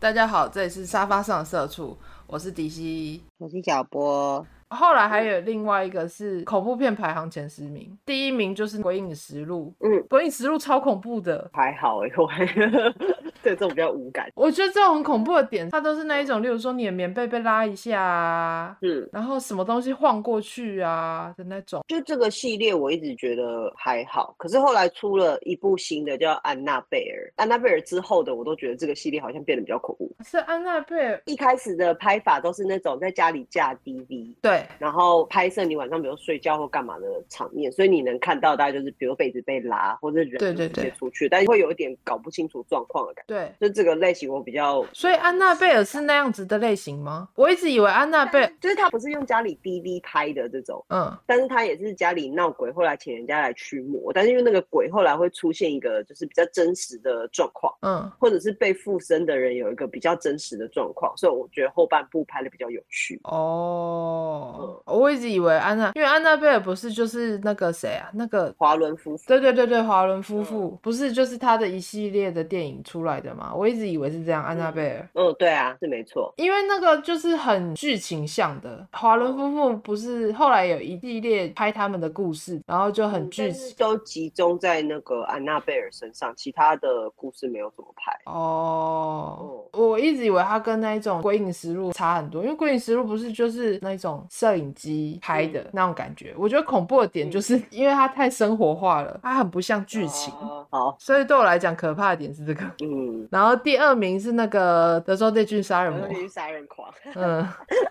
大家好，這裡是沙發上的社畜，我是迪西，我是小波。後來還有另外一個是恐怖片排行前十名，第一名就是《鬼影實錄》，嗯，《鬼影實錄》超恐怖的，還好哎，我還。對，這種比較無感，我覺得這種很恐怖的點，它都是那一種，例如說你的棉被被拉一下，嗯，然後什麼東西晃過去啊的那種。就這個系列我一直覺得還好，可是後來出了一部新的叫《安娜貝爾》，安娜貝爾之後的我都覺得這個系列好像變得比較恐怖。是安娜貝爾一開始的拍法都是那種在家裡架 DV，對，然後拍攝你晚上比如睡覺或幹嘛的場面，所以你能看到大概就是比如被子被拉或者人對對對出去，但會有一點搞不清楚狀況的感覺。對對，就這個類型我比較，所以安娜貝爾是那樣子的類型嗎？我一直以為安娜貝爾就是他不是用家裡 DV 拍的這種，嗯，但是他也是家裡鬧鬼，後來請人家來驅魔，但是因為那個鬼後來會出現一個就是比較真實的狀況，嗯，或者是被附身的人有一個比較真實的狀況，所以我覺得後半部拍的比較有趣。哦、嗯，我一直以為安娜，因為安娜貝爾不是就是那個誰啊，那個華倫夫婦，對對對對，華倫夫婦不是就是他的一系列的電影出來的。我一直以為是這樣。安娜貝爾、嗯，嗯，對啊，是沒錯，因為那個就是很劇情向的。華倫夫婦不是後來有一系列拍他們的故事，然後就很劇情、嗯、都集中在那個安娜貝爾身上，其他的故事沒有怎麼拍。哦，嗯、我一直以為他跟那一種鬼影實錄差很多，因為鬼影實錄不是就是那一種攝影機拍的那種感覺、嗯。我覺得恐怖的點就是因為他太生活化了，嗯、他很不像劇情、哦。好，所以對我來講可怕的點是這個。嗯。然後第二名是那個德州電鋸殺人魔，德州殺人狂， 嗯，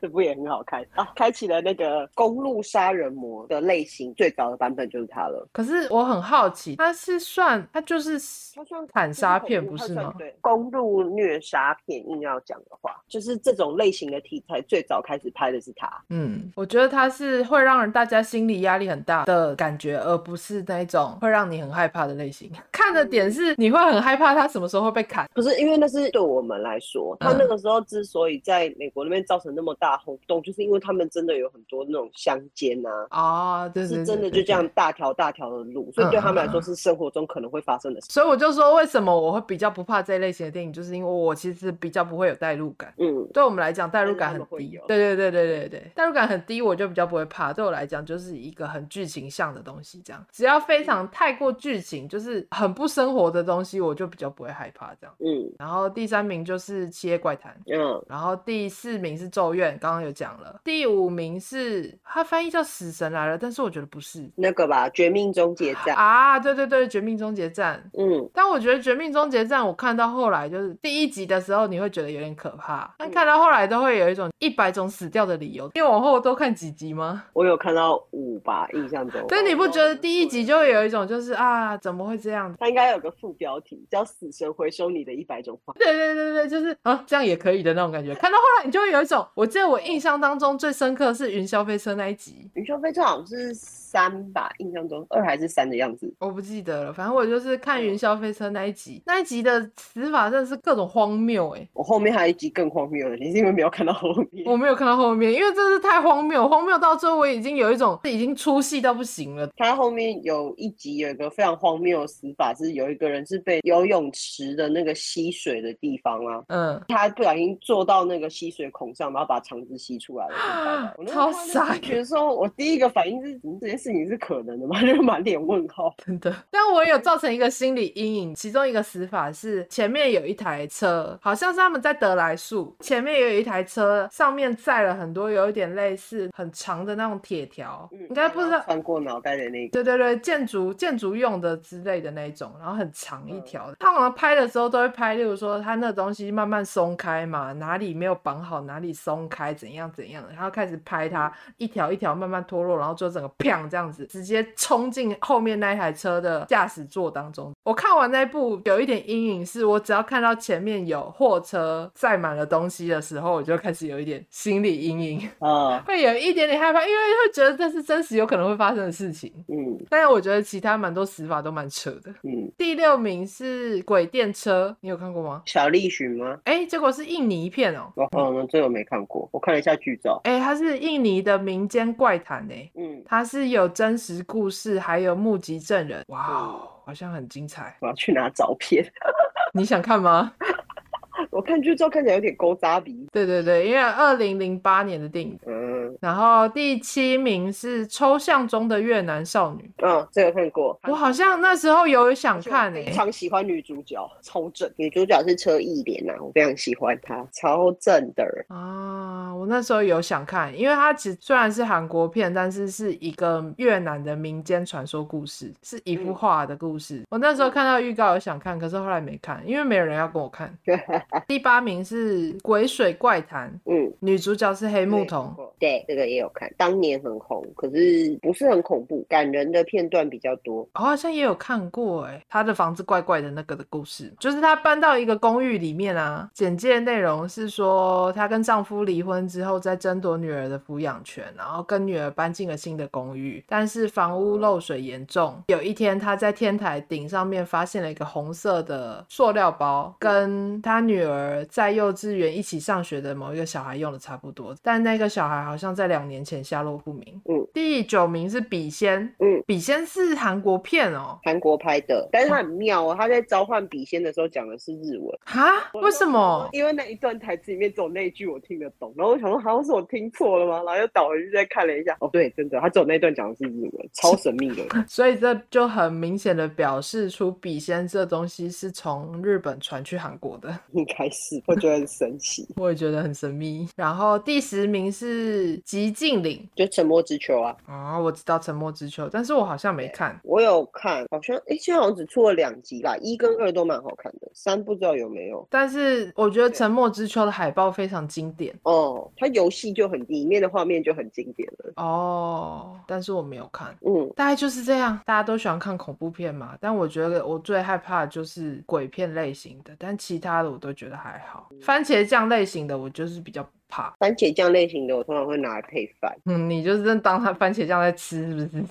這部也很好看啊？開啟了那個公路殺人魔的類型，最早的版本就是他了。可是我很好奇，他是算他就是他算砍殺片不是嗎？它算對，公路虐殺片，硬要講的話，就是這種類型的題材最早開始拍的是他。嗯，我覺得他是會讓人大家心理壓力很大的感覺，而不是那種會讓你很害怕的類型。 看的點是你會很害怕他什麼時候會被。不是，因為那是對我們來說，嗯、他那個時候之所以在美國那邊造成那麼大轟動，就是因為他們真的有很多那種鄉間啊，啊、哦，就是真的就這樣大條大條的路、嗯，所以對他們來說是生活中可能會發生的事。所以我就說，為什麼我會比較不怕這類型的電影，就是因為我其實比較不會有代入感。嗯，對我們來講，代入感很低、喔嗯。對對對對對對，對，對，對，代入感很低，我就比較不會怕。對我來講，就是一個很劇情向的東西，這樣只要非常太過劇情，就是很不生活的東西，我就比較不會害怕。這樣，嗯，然後第三名就是《七夜怪談》，嗯，然後第四名是《咒怨》，剛剛有講了，第五名是他翻譯叫《死神來了》，但是我覺得不是那個吧，《絕命終結站》啊，對對對，《絕命終結站》，嗯，但我覺得《絕命終結站》，我看到後來就是第一集的時候，你會覺得有點可怕、嗯，但看到後來都會有一種一百種死掉的理由，你、嗯、有往後都看幾集嗎？我有看到五吧，印象中，但你不覺得第一集就會有一種就是、哦、啊，怎麼會這樣？它應該有個副標題叫《死神回去》。收你的一百種話，對對對對，就是啊，這樣也可以的那種感覺。看到後來，你就會有一種，我記得我印象當中最深刻是雲霄飛車那一集，雲霄飛車好像是。三吧，印象中二還是三的樣子，我不記得了。反正我就是看《雲霄飛車》那一集、嗯，那一集的死法真的是各種荒謬哎、欸！我後面還有一集更荒謬的，你是因為沒有看到後面？我沒有看到後面，因為真的是太荒謬，荒謬到最後我已經有一種已經出戲到不行了。他後面有一集有一個非常荒謬的死法，是有一個人是被游泳池的那個吸水的地方啊，嗯，他不小心坐到那個吸水孔上，然後把腸子吸出來了，超、啊、傻！覺得說，我第一個反應是，你 直接。是，你是可能的嗎？就滿、是、臉問號，真的。但我也有造成一個心理陰影。 其中一個死法是前面有一台車，好像是他們在得來樹前面也有一台車，上面載了很多，有一點類似很長的那種鐵條、嗯，應該不知道穿過腦袋的那個。對對對，建築建築用的之類的那種，然後很長一條、嗯。他往們拍的時候都會拍，例如說他那東西慢慢鬆開嘛，哪裡沒有綁好，哪裡鬆開，怎樣怎樣，的，然後開始拍它、嗯、一條一條慢慢脫落，然後就整個砰。這樣子直接衝進後面那台車的駕駛座當中。我看完那一部，有一點陰影，是我只要看到前面有貨車載滿了東西的時候，我就開始有一點心理陰影，啊、哦，會有一點點害怕，因為會覺得這是真實有可能會發生的事情。嗯，但是我覺得其他蠻多死法都蠻扯的。嗯，第六名是鬼電車，你有看過嗎？小栗旬嗎？哎、欸，結果是印尼一片、喔、哦。我們這個沒看過，我看了一下劇照。哎、欸，它是印尼的民間怪談哎、欸。嗯，它是有。還有真實故事，還有目擊證人。哇、wow, 嗯，好像很精彩。我要去拿照片， 你想看嗎？ 我看劇照看起來有點勾扎鼻。對對對，因為二零零八年的電影。嗯然後第七名是抽象中的越南少女，嗯、哦，這個看過，我好像那時候有想看，欸，非常喜歡女主角，超正。女主角是車藝蓮啊，我非常喜歡她，超正的人啊。我那時候有想看，因為它其實雖然是韓國片，但是是一個越南的民間傳說故事，是一幅畫的故事，嗯。我那時候看到預告有想看，可是後來沒看，因為沒有人要跟我看。 對。第八名是《鬼水怪談》，嗯，女主角是黑木瞳，對。對這個也有看，當年很紅，可是不是很恐怖，感人的片段比較多。我、哦、好像也有看過，誒，她的房子怪怪的那個的故事，就是她搬到一個公寓裡面啊。簡介的內容是說，她跟丈夫離婚之後，在爭奪女兒的撫養權，然後跟女兒搬進了新的公寓，但是房屋漏水嚴重。有一天，她在天台頂上面發現了一個紅色的塑料包，跟她女兒在幼稚園一起上學的某一個小孩用的差不多，但那個小孩好像。在兩年前下落不明。嗯，第九名是筆仙。嗯，筆仙是韓國片哦，韓國拍的，但是它很妙哦，啊、他在召喚筆仙的時候講的是日文。哈、啊？為什麼？因為那一段台詞裡面只有那一句我聽得懂，然後我想說好像是我聽錯了嗎？然後又倒回去再看了一下。哦，對，真的，他只有那段講的是日文， 超神秘的。所以這就很明顯的表示出筆仙這東西是從日本傳去韓國的，一開始我覺得很神奇， 我也覺得很神秘。 然後第十名是。寂靜嶺，就《沉默之丘》啊！哦，我知道《沉默之丘》，但是我好像沒看。我有看，好像哎，現在好像只出了兩集吧，一跟二都蠻好看的，嗯、三不知道有沒有。但是我覺得《沉默之丘》的海報非常經典哦，它遊戲就很裡面的畫面就很經典了哦。但是我沒有看，嗯，大概就是這樣。大家都喜歡看恐怖片嘛，但我覺得我最害怕就是鬼片類型的，但其他的我都覺得還好。嗯、番茄醬類型的我就是比較。怕番茄醬類型的，我通常會拿來配飯。嗯，你就是真當它番茄醬在吃，是不是？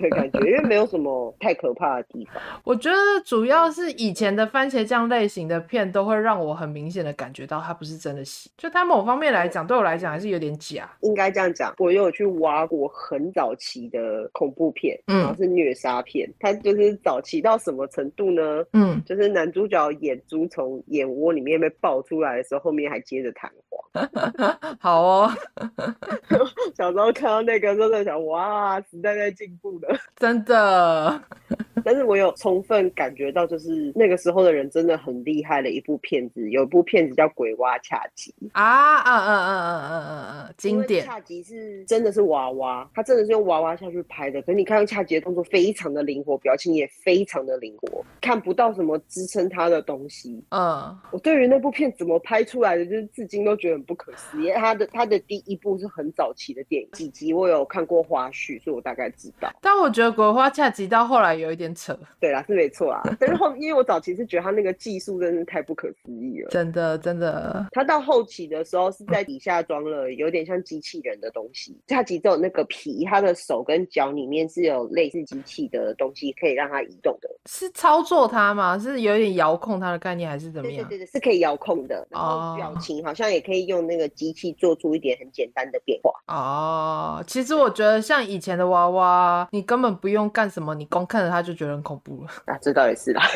對，感覺因為沒有什麼太可怕的地方。 我覺得主要是以前的番茄醬類型的片，都會讓我很明顯的感覺到它不是真的戲，就它某方面來講，對我來講還是有點假。應該這樣講，我有去挖過很早期的恐怖片，然後是虐殺片。嗯。它就是早期到什麼程度呢？嗯，就是男主角眼珠從眼窩裡面被爆出來的時候，後面還接着彈簧。 好哦， 小時候看到那個，真的想哇，時代在進步了，真的。 但是我有充分感覺到，就是那個時候的人真的很厲害的一部片子，有一部片子叫《鬼娃恰吉》啊啊啊啊啊啊啊！經、啊、典。恰、啊、吉、啊啊啊啊、是真的是娃娃，他真的是用娃娃下去拍的。可是你看恰吉的動作非常的靈活，表情也非常的靈活，看不到什麼支撐他的東西。嗯、啊，我對於那部片子怎麼拍出來的，就是至今都覺得很不可思議。他的他的第一部是很早期的電影，幾集我有看過花絮，所以我大概知道。但我覺得《鬼娃恰吉》到後來有一點。扯對啦，是沒錯啦。 但是後，因為我早期是覺得他那個技術真的是太不可思議了，真的真的。他到後期的時候是在底下裝了有點像機器人的東西，下、嗯、其實只有那個皮，他的手跟腳裡面是有類似機器的東西，可以讓它移動的。是操作它嗎？是有點遙控它的概念還是怎麼樣？對對對，是可以遙控的。然後，表情好像也可以用那個機器做出一點很簡單的變化。哦，其實我覺得像以前的娃娃，你根本不用幹什麼，你光看着它就覺得很恐怖了啊，這倒也是啦。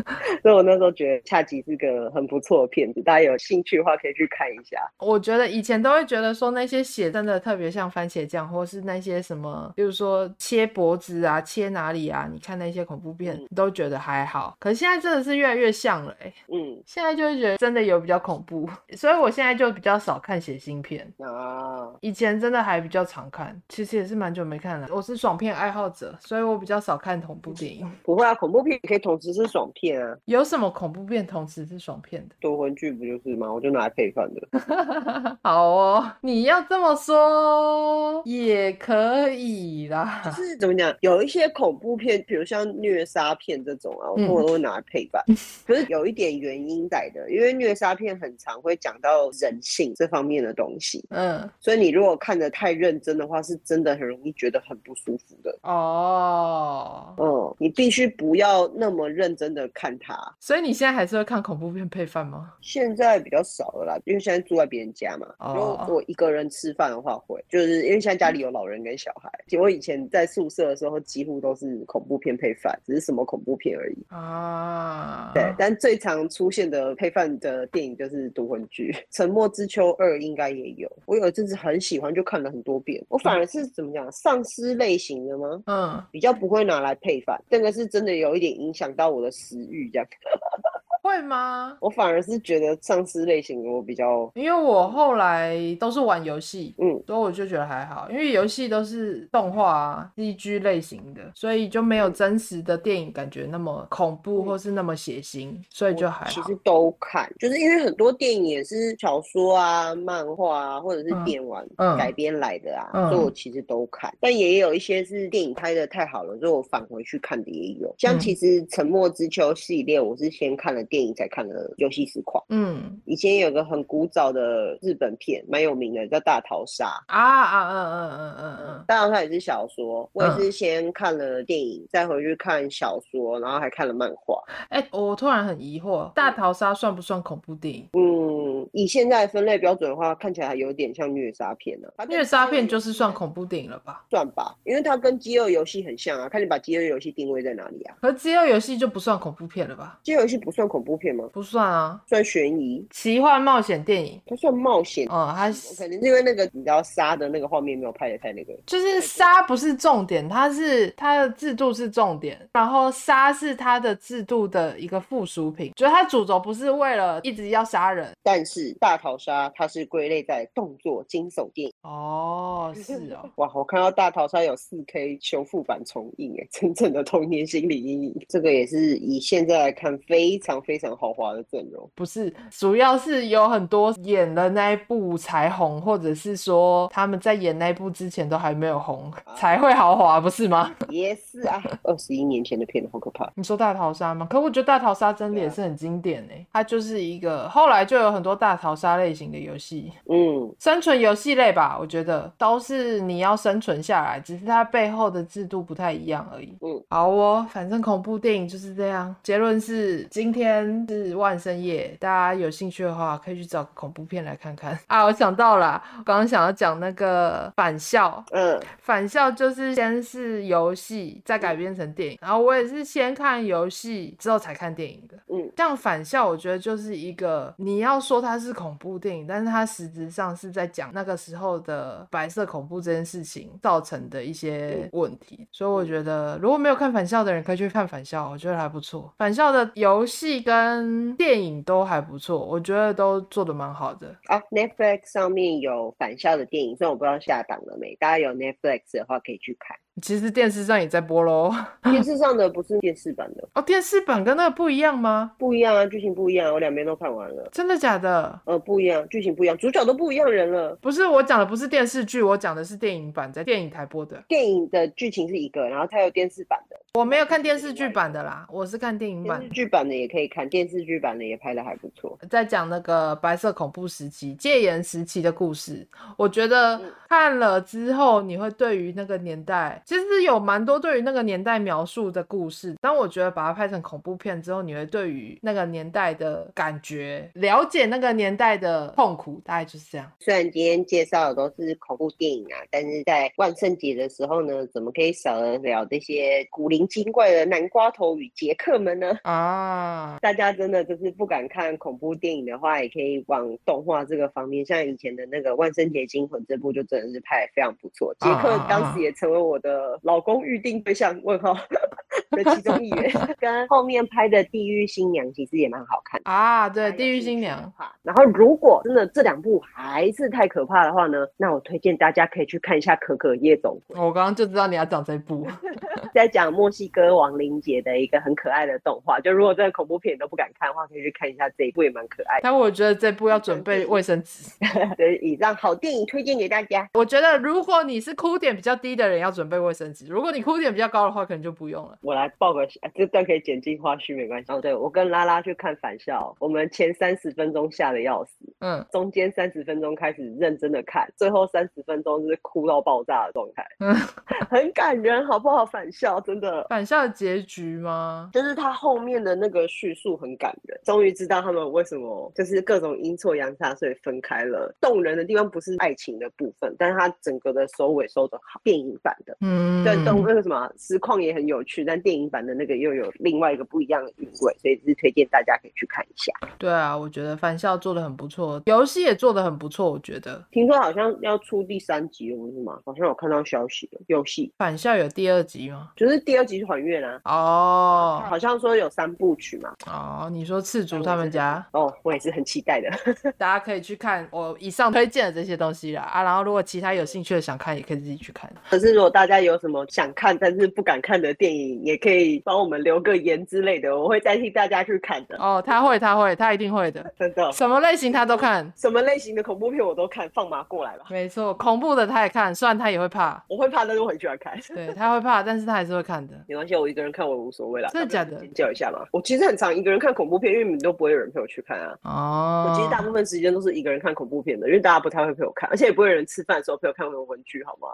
所以我那時候覺得恰吉是個很不錯的片子，大家有興趣的話可以去看一下。我覺得以前都會覺得說那些血真的特別像番茄醬，或是那些什麼，比如說切脖子啊、切哪裡啊，你看那些恐怖片、嗯、都覺得還好。可是現在真的是越來越像了、欸，哎，嗯，現在就會覺得真的有比較恐怖，所以我現在就比較少看血腥片啊。以前真的還比較常看，其實也是蠻久沒看了。我是爽片愛好者，所以我比較少看恐怖。嗯、不會啊，恐怖片也可以同時是爽片啊。有什麼恐怖片同時是爽片的？多婚劇不就是嗎？我就拿來配飯的。 好哦，你要這麼說也可以啦。就是怎麼講，有一些恐怖片，比如像虐殺片這種啊，我都會拿來配飯。嗯、 可是有一點原因在的，因為虐殺片很常，會講到人性這方面的東西。嗯，所以你如果看得太認真的話，是真的很容易覺得很不舒服的。哦，嗯。嗯、你必須不要那麼認真的看他，所以你現在還是會看恐怖片配飯嗎？現在比較少了啦，因為現在住在別人家嘛。哦、oh.。如果我一個人吃飯的話會，會就是因為現在家裡有老人跟小孩。我、嗯、以前在宿舍的時候，幾乎都是恐怖片配飯，只是什麼恐怖片而已啊。Oh. 對，但最常出現的配飯的電影就是《獨魂劇》《沉默之丘二》，應該也有。我有一陣子很喜歡，就看了很多遍。我反而是怎麼講，喪屍類型的嗎？嗯、oh.，比較不會拿來配飯。這個是真的有一點影響到我的食慾，這樣、嗯。 會嗎？我反而是覺得喪屍類型我比較，因為我後來都是玩遊戲，嗯，所以我就覺得還好，因為遊戲都是動畫、啊、啊，CG 類型的，所以就沒有真實的電影感覺那麼恐怖或是那麼血腥，嗯、所以就還好。其實都看，就是因為很多電影也是小說啊、漫畫啊或者是電玩、嗯、改編來的啊、嗯，所以我其實都看，但也有一些是電影拍得太好了，所以我返回去看的也有。像其實《沉默之丘》系列，我是先看了電影。電影才看了《遊戲實況》。嗯，以前有個很古早的日本片，蠻有名的，叫《大逃殺》。啊啊啊啊啊啊啊！大逃殺也是小說，我也是先看了電影，嗯、再回去看小說，然後還看了漫畫。哎、欸，我突然很疑惑，《大逃殺》算不算恐怖電影？嗯。以現在分類標準的話，看起來還有點像虐殺片呢、啊。虐殺片就是算恐怖電影了吧？算吧，因為它跟飢餓遊戲很像啊。看你把飢餓遊戲定位在哪裡啊？可是飢餓遊戲就不算恐怖片了吧？飢餓遊戲不算恐怖片嗎？不算啊，算懸疑、奇幻冒險電影。它算冒險哦、嗯，它肯定是 okay, 因為那個你知道殺的那個畫面沒有拍得太那個。就是殺不是重點，它是它的制度是重點，然後殺是它的制度的一個附屬品。覺得它主軸不是為了一直要殺人，但是。是大逃殺，它是歸類在動作驚悚電影。哦，是哦，哇！我看到大逃殺有四 K 修復版重映，哎，真正的童年心理陰影。這個也是以現在來看非常非常豪華的陣容，不是？主要是有很多演了那一部才紅，或者是說他們在演那一部之前都還沒有紅，啊、才會豪華，不是嗎？也、yes、是啊，二十一年前的片子好可怕。你說大逃殺嗎？可我覺得大逃殺真的也是很經典呢、啊，它就是一個後來就有很多。大逃殺類型的遊戲，嗯，生存遊戲類吧，我覺得都是你要生存下來，只是它背後的制度不太一樣而已。嗯，好哦，反正恐怖電影就是這樣。結論是，今天是萬聖夜，大家有興趣的話可以去找恐怖片來看看。啊，我想到了，我剛剛想要講那個《返校》。嗯，《返校》就是先是遊戲，再改編成電影。然後我也是先看遊戲，之後才看電影的。嗯，這樣返校我覺得就是一個你要說。它是恐怖電影，但是它實質上是在講那個時候的白色恐怖這件事情造成的一些問題。嗯、所以我覺得，如果沒有看《返校》的人，可以去看《返校》，我覺得還不錯。《返校》的遊戲跟電影都還不錯，我覺得都做的蠻好的啊、哦。Netflix 上面有《返校》的電影，所以我不知道下檔了沒，大家有 Netflix 的話可以去看。其實電視上也在播咯。 電視上的不是電視版的哦，電視版跟那個不一樣嗎？不一樣啊，劇情不一樣，我兩邊都看完了。真的假的？呃，不一樣，劇情不一樣，主角都不一樣人了。不是，我講的不是電視劇，我講的是電影版，在電影台播的。電影的劇情是一個，然後才有電視版的。我沒有看電視劇版的啦，我是看電影版。電視劇版的也可以看，電視劇版的也拍得還不錯。在講那個白色恐怖時期、戒嚴時期的故事，我覺得看了之後，你會對於那個年代，其實有蠻多對於那個年代描述的故事。但我覺得把它拍成恐怖片之後，你會對於那個年代的感覺，了解那個年代的痛苦，大概就是這樣。雖然今天介紹的都是恐怖電影啊，但是在萬聖節的時候呢，怎麼可以少得了這些古靈？精怪的南瓜頭與傑克們呢？啊，大家真的就是不敢看恐怖電影的話，也可以往動畫這個方面。像以前的那個《萬聖節驚魂》這部，就真的是拍得非常不錯、啊。傑、啊、克當時也成為我的老公預定對象。問號、啊。 這 其中一員，跟後面拍的《地獄新娘》其實也蠻好看的啊。對，《地獄新娘》哈。然後，如果真的這兩部還是太可怕的話呢，那我推薦大家可以去看一下《可可夜總會》。我剛剛就知道你要講這一部， 在講墨西哥亡靈節的一個很可愛的動畫。就如果真的恐怖片你都不敢看的話，可以去看一下這一部，也蠻可愛的。但我覺得這部要準備衛生紙， 所以讓好電影推薦給大家。我覺得如果你是哭點比較低的人，要準備衛生紙；如果你哭點比較高的話，可能就不用了。我。來報個，這段可以剪進花絮沒關係。哦，對，我跟拉拉去看返校，我們前三十分鐘嚇得要死。嗯，中間三十分鐘開始認真的看，最後三十分鐘是哭到爆炸的狀態，嗯， 很感人，好不好？返校真的，返校的結局嗎？就是他後面的那個敘述很感人，終於知道他們為什麼就是各種陰錯陽差，所以分開了。動人的地方不是愛情的部分，但是它整個的收尾收的好。電影版的，嗯，對，但動那個什麼實況也很有趣，但電影版的那個又有另外一個不一樣的韻味，所以只是推薦大家可以去看一下。對啊，我覺得返校做的很不錯。遊戲也做得很不錯，我覺得。聽說好像要出第三集了是嗎？好像有看到消息了。遊戲《返校》有第二集嗎？就是第二集是還願啊哦，oh, 好像說有三部曲嘛。哦、oh,，你說赤足他們家？哦，我也是很期待的。 大家可以去看我以上推薦的這些東西啦啊，然後如果其他有興趣的想看，也可以自己去看。可是如果大家有什麼想看但是不敢看的電影，也可以幫我們留個言之類的，我會代替大家去看的。哦、oh,，他會，他會，他一定會的。真的。什麼類型他都。看什麼類型的恐怖片我都看，放馬過來吧。沒錯，恐怖的他也看，雖然他也會怕。我會怕，但是我很喜歡看。對，他會怕，但是他還是會看的。 沒關係，我一個人看我無所謂了。真的假的？尖叫一下嘛！我其實很常一個人看恐怖片，因為你們都不會有人陪我去看啊。哦、啊。我其實大部分時間都是一個人看恐怖片的，因為大家不太會陪我看，而且也不會有人吃飯的時候陪我看很多文具好嗎？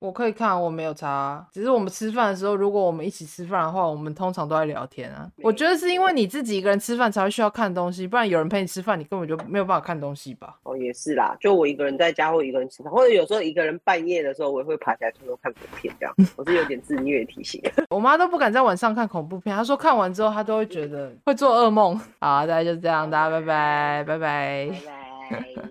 我可以看，我沒有差、啊。只是我們吃飯的時候，如果我們一起吃飯的話，我們通常都在聊天啊。我覺得是因為你自己一個人吃飯才會需要看東西，不然有人陪你吃飯，你根本就沒有辦法看。看東西吧，哦，也是啦。就我一個人在家，或一個人吃飯，或者有時候一個人半夜的時候，我也會爬起來偷偷看恐怖片。這樣，我是有點自虐的提醒。 我媽都不敢在晚上看恐怖片，她說看完之後她都會覺得會做噩夢。好，大家就是這樣，大家拜拜，拜拜，拜拜。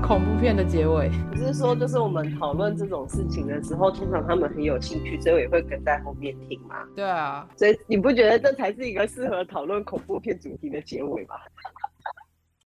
恐怖片的結尾，不 是說就是我們討論這種事情的時候，通常他們很有興趣，所以我也會跟在後面聽嘛。對啊，所以你不覺得這才是一個適合討論恐怖片主題的結尾嗎？